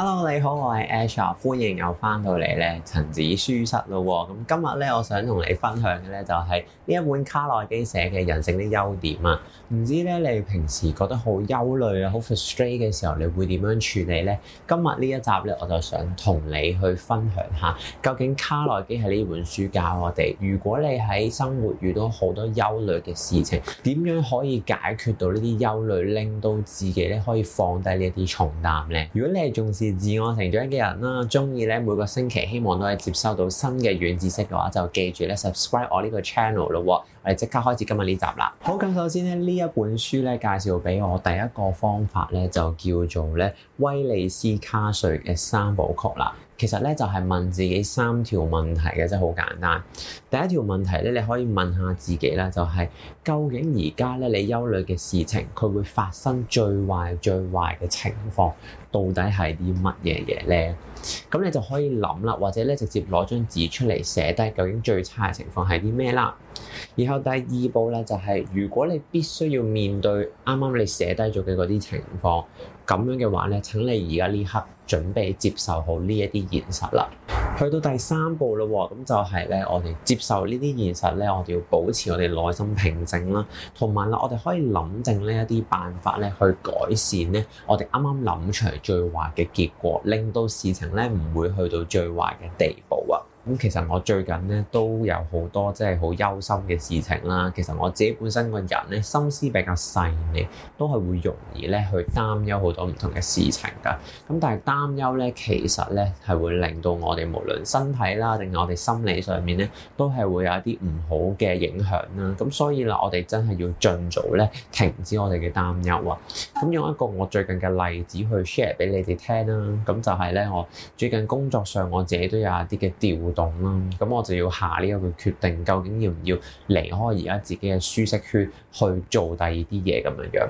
Hello，你好，我係 Ash，歡迎又翻到嚟咧塵籽書室咯喎。咁今日咧，我想同你分享嘅咧就係呢一本卡耐基寫嘅《人性的優點》啊。唔知咧你平時覺得好憂慮啊，好 frustrate 嘅時候，你會點樣處理呢？今日呢一集咧，我就想同你去分享下，究竟卡耐基喺呢本書教我哋，如果你喺生活遇到好多憂慮嘅事情，點樣可以解決到呢啲憂慮，令到自己咧可以放低呢啲重擔呢？如果你係重視自我成長嘅人啦，中意咧每個星期希望都可以接收到新嘅軟知識嘅話，就記住咧 subscribe 我呢個 channel 咯，我哋即刻開始今日呢集啦。好，咁首先咧呢一本書咧介紹俾我第一個方法咧就叫做咧威利斯卡瑞嘅三步曲啦。其實咧就係問自己三條問題嘅，真係好簡單。第一條問題咧，你可以問下自己啦，就係，就係究竟而家咧你憂慮嘅事情，佢會發生最壞最壞嘅情況，到底係啲乜嘢嘢咧？咁你就可以諗啦，或者咧直接攞張紙出嚟寫低究竟最差嘅情況係啲咩啦。然後第二步咧就係，如果你必須要面對啱啱你寫低咗嘅嗰啲情況，咁樣嘅話咧，請你而家呢刻準備接受好呢一啲現實啦。去到第三步嘞，咁就係咧，我哋接受呢啲現實咧，我哋要保持我哋內心平靜啦，同埋啦，我哋可以諗定呢一啲辦法咧去改善咧我哋啱啱諗出嚟最壞嘅結果，拎到事情，咧唔會去到最壞嘅地步啊。咁其實我最近咧都有好多即係好憂心嘅事情啦。其實我自己本身個人咧心思比較細膩，都係會容易咧去擔憂好多唔同嘅事情噶。咁但係擔憂咧，其實咧係會令到我哋無論身體啦，定係我哋心理上面咧，都係會有一啲唔好嘅影響啦。咁所以啦，我哋真係要儘早咧停止我哋嘅擔憂啊。咁用一個我最近嘅例子去 share 俾你哋聽啦。咁就係咧，我最近工作上我自己都有一啲嘅調動啦，咁我就要下呢一個決定，究竟要唔要離開而家自己嘅舒適圈去做第二啲嘢咁樣樣。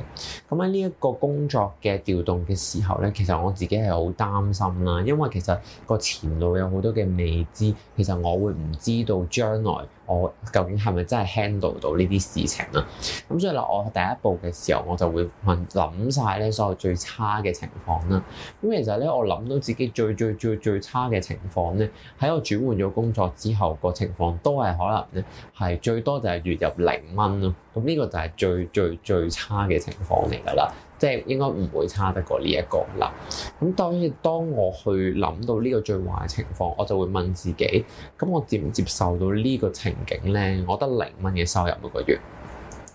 咁喺呢一個工作嘅調動嘅時候呢，其實我自己係好擔心啦，因為其實個前路有好多嘅未知，其實我會唔知道將來。我究竟係咪真係 handle 到呢啲事情啦？咁所以啦，我第一步嘅時候我就會問諗晒咧所有最差嘅情況啦。咁其實咧，我諗到自己最最最最最最差嘅情況咧，喺我轉換咗工作之後個情況都係可能咧，係最多就係月入零蚊咯。咁呢個就係最最最最差嘅情況嚟㗎啦。即係應該唔會差得過呢一個啦。咁當然當我去諗到呢個最壞嘅情況，我就會問自己：咁我接唔接受到呢個情景呢？我得零蚊嘅收入每個月。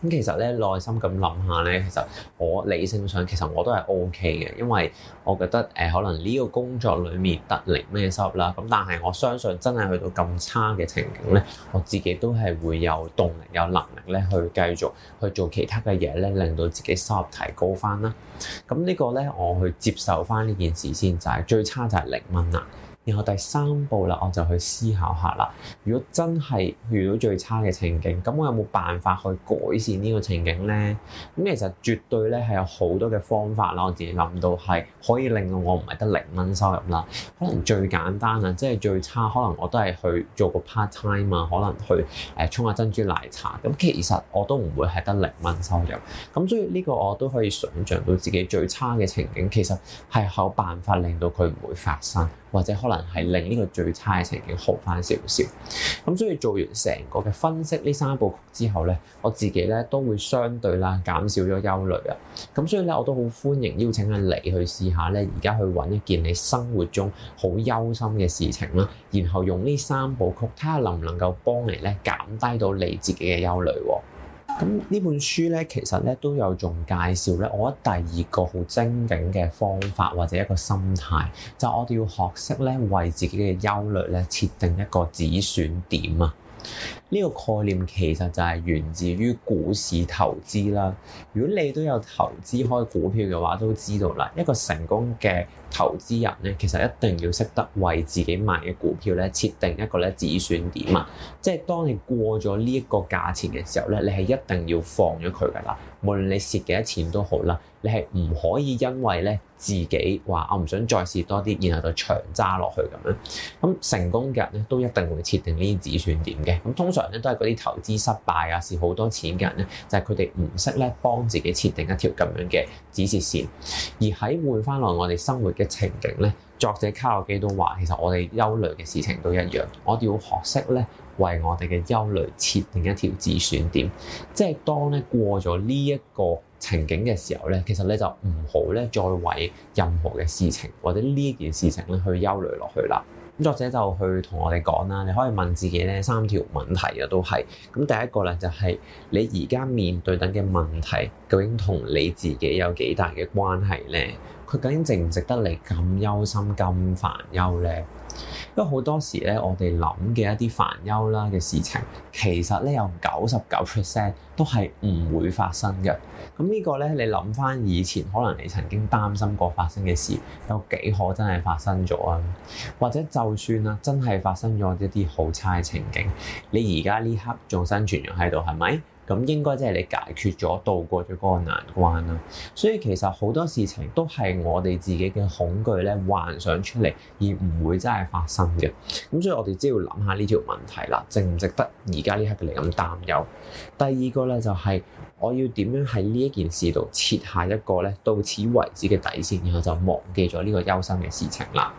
咁其實咧，內心咁諗下咧，其實我理性上其實我都係 OK 嘅，因為我覺得誒、呃、可能呢個工作裏面得零咩收入啦。咁但係我相信真係去到咁差嘅情景咧，我自己都係會有動力、有能力咧去繼續去做其他嘅嘢咧，令到自己收入提高翻啦。咁呢個咧，我去接受翻呢件事先，就係、是、最差就係零蚊啦。然後第三步啦，我就去思考下啦。如果真係遇到最差嘅情景，咁我有冇辦法去改善呢個情景呢？咁其實絕對咧係有好多嘅方法啦。我自己諗到係可以令到我唔係得零蚊收入啦。可能最簡單啊，即係最差，可能我都係去做個 part time 啊，可能去誒沖下珍珠奶茶。咁其實我都唔會係得零蚊收入。咁所以呢個我都可以想像到自己最差嘅情景，其實係有辦法令到佢唔會發生，或者可能係令呢個最差嘅情景好翻少少，咁所以做完成個嘅分析呢三部曲之後呢，我自己呢都會相對啦減少咗憂慮啊，咁所以呢，我都好歡迎邀請啊你去試下呢，而家去揾一件你生活中好憂心嘅事情啦，然後用呢三部曲睇下能唔能夠幫你呢減低到你自己嘅憂慮喎。咁呢本書咧，其實咧都有仲介紹咧，我覺得第二個好精警嘅方法或者一個心態，就我哋要學識咧為自己嘅憂慮咧設定一個止損點啊！呢個概念其實就係源自於股市投資啦。如果你都有投資開股票嘅話，都知道啦，一個成功嘅投資人咧，其實一定要識得為自己買嘅股票咧設定一個咧止損點啊！即係當你過咗呢一個價錢嘅時候咧，你係一定要放咗佢㗎喇。無論你蝕幾多錢都好啦，你係唔可以因為咧自己話我唔想再蝕多啲，然後就長揸落去咁樣。咁成功嘅人咧都一定會設定呢啲止損點嘅。咁通常咧都係嗰啲投資失敗啊、蝕好多錢嘅人咧，就係佢哋唔識咧幫自己設定一條咁樣嘅止蝕線，而喺換返落我哋生活嘅。情景咧，作者卡耐基都話，其實我哋憂慮嘅事情都一樣，我哋要學識咧，為我哋嘅憂慮設定一條自選點，即係當咧過咗呢一個情景嘅時候咧，其實你就唔好咧再為任何嘅事情或者呢件事情咧去憂慮落去啦。作者就去同我哋講啦，你可以問自己咧三條問題啊，都係咁第一個咧就係、是、你而家面對緊嘅問題究竟同你自己有幾大嘅關係咧？佢究竟值唔值得你咁憂心咁煩憂咧？因為好多時咧，我哋諗嘅一啲煩憂啦嘅事情，其實咧有九十九 percent 都係唔會發生嘅。咁呢個咧，你諗翻以前，可能你曾經擔心過發生嘅事，有幾可真係發生咗啊？或者就算啊，真係發生咗一啲好差嘅情景，你而家呢刻仲生存咗喺度，係咪？咁應該即係你解決咗，度過咗嗰個難關啦。所以其實好多事情都係我哋自己嘅恐懼咧，幻想出嚟而唔會真係發生嘅。咁所以我哋只要諗下呢條問題啦，值唔值得而家呢刻嚟咁擔憂？第二個咧就係我要點樣喺呢一件事度設下一個咧到此為止嘅底線，然後就忘記咗呢個憂心嘅事情啦。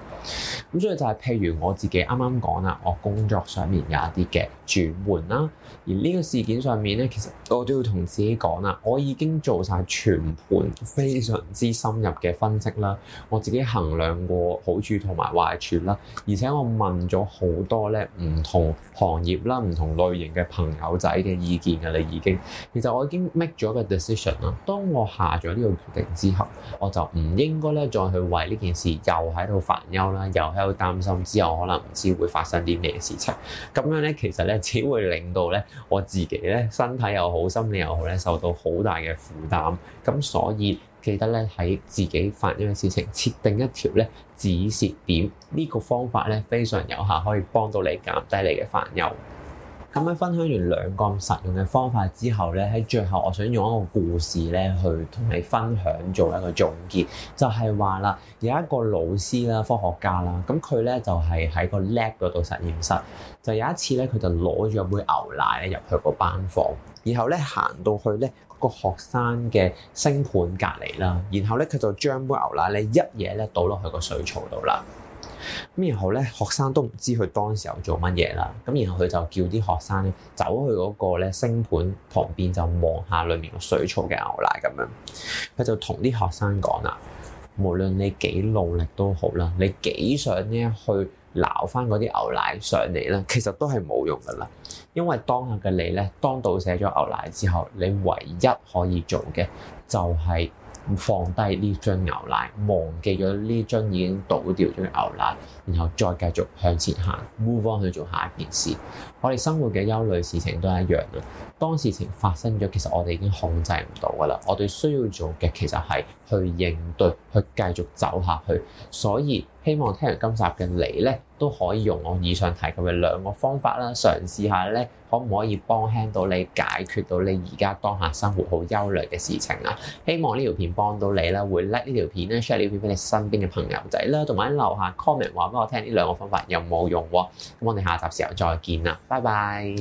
咁所以就係譬如我自己啱啱講啦，我工作上面有一啲嘅轉換啦，而呢個事件上面咧，其實我都要同自己講啦，我已經做晒全盤非常之深入嘅分析啦，我自己衡量過好處同埋壞處啦，而且我問咗好多咧唔同行業啦、唔同類型嘅朋友仔嘅意見㗎啦，已經，其實我已經 make 咗個 decision 啦。當我下咗呢個決定之後，我就唔應該咧再去為呢件事又喺度煩憂。又喺度擔心，之後可能唔知會發生啲咩事情，咁樣咧，其實咧，只會令到咧我自己咧身體又好，心理又好咧受到好大嘅負擔。咁所以記得咧，喺自己煩惱嘅事情設定一條咧止蝕點，呢個方法咧非常有效，可以幫到你減低你嘅煩憂。咁樣分享完兩個實用嘅方法之後咧，喺最後我想用一個故事咧，去同你分享做一個總結，就係話啦，有一個老師啦，科學家啦，咁佢咧就係喺個 lab 嗰度實驗室，就有一次咧，佢就攞咗杯牛奶咧入去個班房，然後咧行到去咧個學生嘅星盤隔離啦，然後咧佢就將杯牛奶咧一嘢咧倒落去個水槽度啦。咁然後咧，學生都唔知佢當時候做乜嘢啦。咁然後佢就叫啲學生咧，走去嗰個咧星盤旁邊就望下裏面個水槽嘅牛奶咁樣。佢就同啲學生講啦：無論你幾努力都好啦，你幾想咧去撈翻嗰啲牛奶上嚟啦，其實都係冇用噶啦。因為當下嘅你咧，當倒瀉咗牛奶之後，你唯一可以做嘅就係。放低呢樽牛奶，忘記咗呢樽已經倒掉咗牛奶，然後再繼續向前行，move on 去做下一件事。我哋生活嘅憂慮事情都係一樣嘅。當事情發生咗，其實我哋已經控制唔到噶啦。我哋需要做嘅其實係去應對，去繼續走下去。所以。希望聽完今集嘅你呢，都可以用我以上提及嘅兩個方法啦，嘗試下呢，可唔可以幫輕到你解決到你而家當下生活好憂慮嘅事情啊？希望呢條片幫到你啦，會 like 呢條片呢，share 呢條片俾你身邊嘅朋友仔啦，同埋留下 comment 話俾我聽，呢兩個方法有冇用喎？咁我哋下集時候再見啦，拜拜。